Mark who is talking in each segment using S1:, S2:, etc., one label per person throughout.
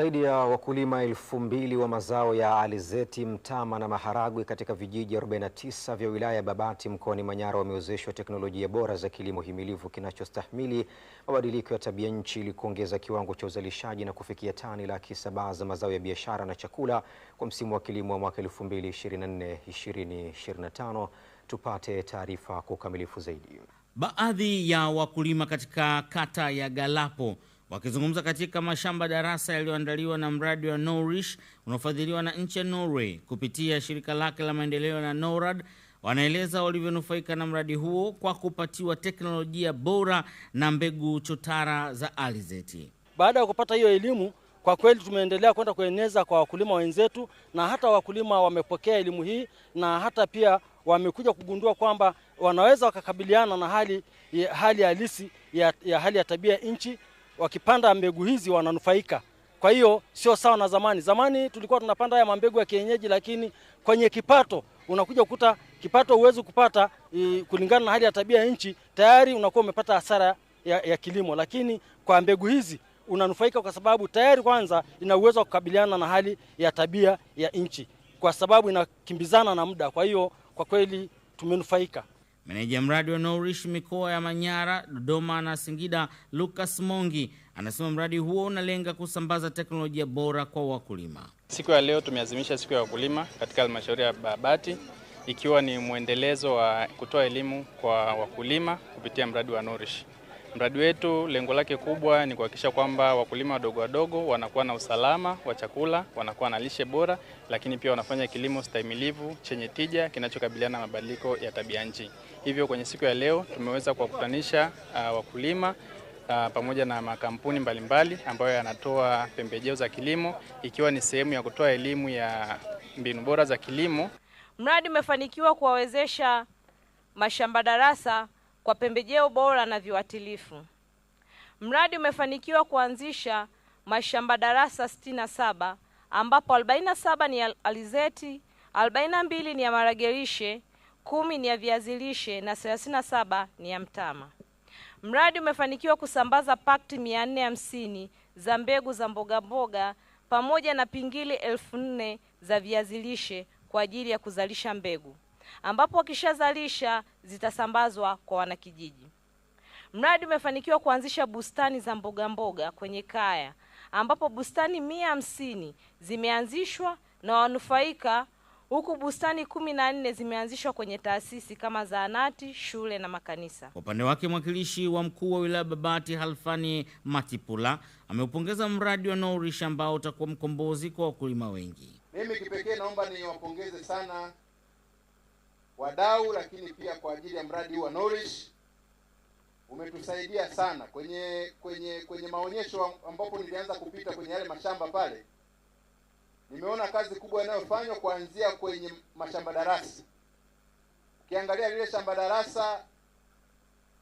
S1: Zaidi ya wakulima elfu mbili wa mazao ya alizeti, mtama na maharagwe katika vijiji 49 vya wilaya ya Babati mkoani Manyara wamewezeshwa teknolojia bora za kilimo himilivu kinachostahimili mabadiliko ya tabia nchi ili kuongeza kiwango cha uzalishaji na kufikia tani laki saba za mazao ya biashara na chakula kwa msimu wa kilimo wa mwaka 2024-2025. Tupate taarifa kwa ukamilifu zaidi.
S2: Baadhi ya wakulima katika kata ya Galapo Wakizungumza katika mashamba darasa yaliyoandaliwa na mradi wa Norish unaofadhiliwa na nchi ya Norway kupitia shirika lake la maendeleo na NORAD, wanaeleza walivyonufaika na mradi huo kwa kupatiwa teknolojia bora na mbegu chotara za alizeti.
S3: Baada ya kupata hiyo elimu, kwa kweli tumeendelea kwenda kueneza kwa wakulima wenzetu, na hata wakulima wamepokea elimu hii na hata pia wamekuja kugundua kwamba wanaweza wakakabiliana na hali halisi ya, ya hali ya tabia nchi wakipanda mbegu hizi wananufaika. Kwa hiyo sio sawa na zamani. Zamani tulikuwa tunapanda haya mambegu ya kienyeji, lakini kwenye kipato unakuja kukuta kipato huwezi kupata i, kulingana na hali ya tabia ya nchi, tayari unakuwa umepata hasara ya, ya kilimo. Lakini kwa mbegu hizi unanufaika kwa sababu tayari kwanza ina uwezo wa kukabiliana na hali ya tabia ya nchi, kwa sababu inakimbizana na muda. Kwa hiyo kwa kweli tumenufaika.
S2: Meneja mradi wa unaoishi mikoa ya Manyara, Dodoma na Singida, Lucas Mongi anasema mradi huo unalenga kusambaza teknolojia bora kwa wakulima.
S4: Siku ya leo tumeazimisha siku ya wakulima katika halmashauri ya Babati ikiwa ni mwendelezo wa kutoa elimu kwa wakulima kupitia mradi wa Nourish. Mradi wetu lengo lake kubwa ni kuhakikisha kwamba wakulima wadogo wadogo wanakuwa na usalama wa chakula, wanakuwa na lishe bora, lakini pia wanafanya kilimo stahimilivu chenye tija kinachokabiliana na mabadiliko ya tabia nchi. Hivyo kwenye siku ya leo tumeweza kuwakutanisha uh, wakulima Uh, pamoja na makampuni mbalimbali mbali, ambayo yanatoa pembejeo za kilimo ikiwa ni sehemu ya kutoa elimu ya mbinu bora za kilimo.
S5: Mradi umefanikiwa kuwawezesha mashamba darasa kwa pembejeo bora na viuatilifu. Mradi umefanikiwa kuanzisha mashamba darasa saba ambapo 47 ni alizeti, 42 ni ya maragelishe, kumi ni ya viazi lishe na 37 ni ya mtama. Mradi umefanikiwa kusambaza pakti 450 za mbegu za mbogamboga pamoja na pingili elfu nne za viazi lishe kwa ajili ya kuzalisha mbegu ambapo wakishazalisha zitasambazwa kwa wanakijiji. Mradi umefanikiwa kuanzisha bustani za mboga mboga kwenye kaya ambapo bustani mia hamsini zimeanzishwa na wanufaika huku bustani kumi na nne zimeanzishwa kwenye taasisi kama zahanati, shule na makanisa.
S2: Kwa upande wake, mwakilishi wa mkuu wa wilaya Babati Halfani Matipula ameupongeza mradi wa Nourish ambao utakuwa mkombozi kwa wakulima wengi.
S6: Mimi kipekee naomba niwapongeze sana wadau, lakini pia kwa ajili ya mradi huu wa Nourish umetusaidia sana kwenye kwenye kwenye maonyesho ambapo nilianza kupita kwenye yale mashamba pale, nimeona kazi kubwa inayofanywa kuanzia kwenye mashamba darasa. Ukiangalia lile shamba darasa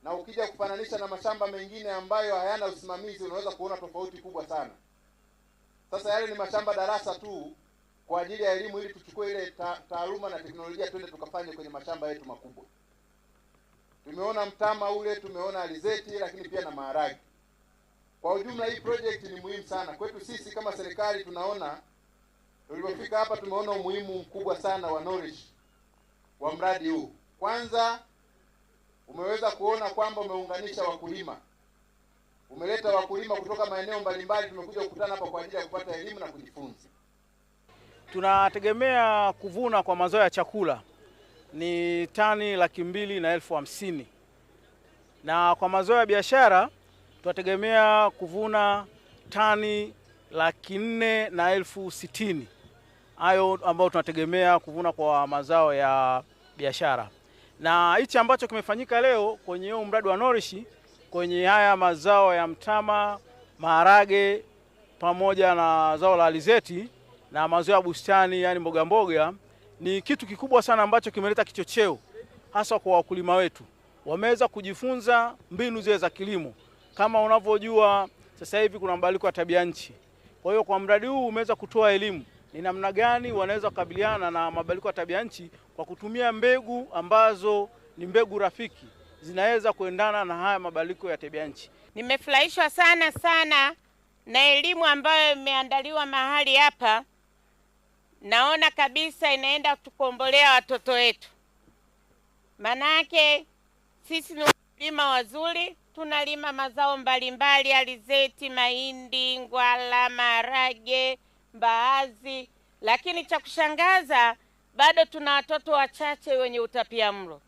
S6: na ukija kufananisha na mashamba mengine ambayo hayana usimamizi, unaweza kuona tofauti kubwa sana. Sasa yale ni mashamba darasa tu kwa ajili ya elimu ili tuchukue ile ta, taaluma na teknolojia twende tukafanye kwenye mashamba yetu makubwa. Tumeona mtama ule, tumeona alizeti, lakini pia na maharagi. Kwa ujumla, hii project ni muhimu sana kwetu sisi kama serikali. Tunaona tulipofika hapa, tumeona umuhimu mkubwa sana wa knowledge wa mradi huu. Kwanza umeweza kuona kwamba umeunganisha wakulima, umeleta wakulima kutoka maeneo mbalimbali. Tumekuja kukutana hapa kwa ajili ya kupata elimu na kujifunza.
S7: Tunategemea kuvuna kwa mazao ya chakula ni tani laki mbili na elfu hamsini na kwa mazao ya biashara tunategemea kuvuna tani laki nne na elfu sitini hayo ambayo tunategemea kuvuna kwa mazao ya biashara. Na hichi ambacho kimefanyika leo kwenye huu mradi wa Nourish kwenye haya mazao ya mtama, maharage pamoja na zao la alizeti na mazao ya bustani, yani mboga mboga, ni kitu kikubwa sana ambacho kimeleta kichocheo hasa kwa wakulima wetu. Wameweza kujifunza mbinu zile za kilimo. Kama unavyojua sasa hivi kuna mabadiliko ya tabia nchi, kwa hiyo kwa mradi huu umeweza kutoa elimu ni namna gani wanaweza kukabiliana na mabadiliko ya tabia nchi kwa kutumia mbegu ambazo ni mbegu rafiki zinaweza kuendana na haya mabadiliko ya tabia nchi.
S8: Nimefurahishwa sana sana na elimu ambayo imeandaliwa mahali hapa naona kabisa inaenda kutukombolea watoto wetu, manake sisi ni wakulima wazuri, tunalima mazao mbalimbali, alizeti, mahindi, ngwala, maharage, mbaazi, lakini cha kushangaza bado tuna watoto wachache wenye utapia mlo.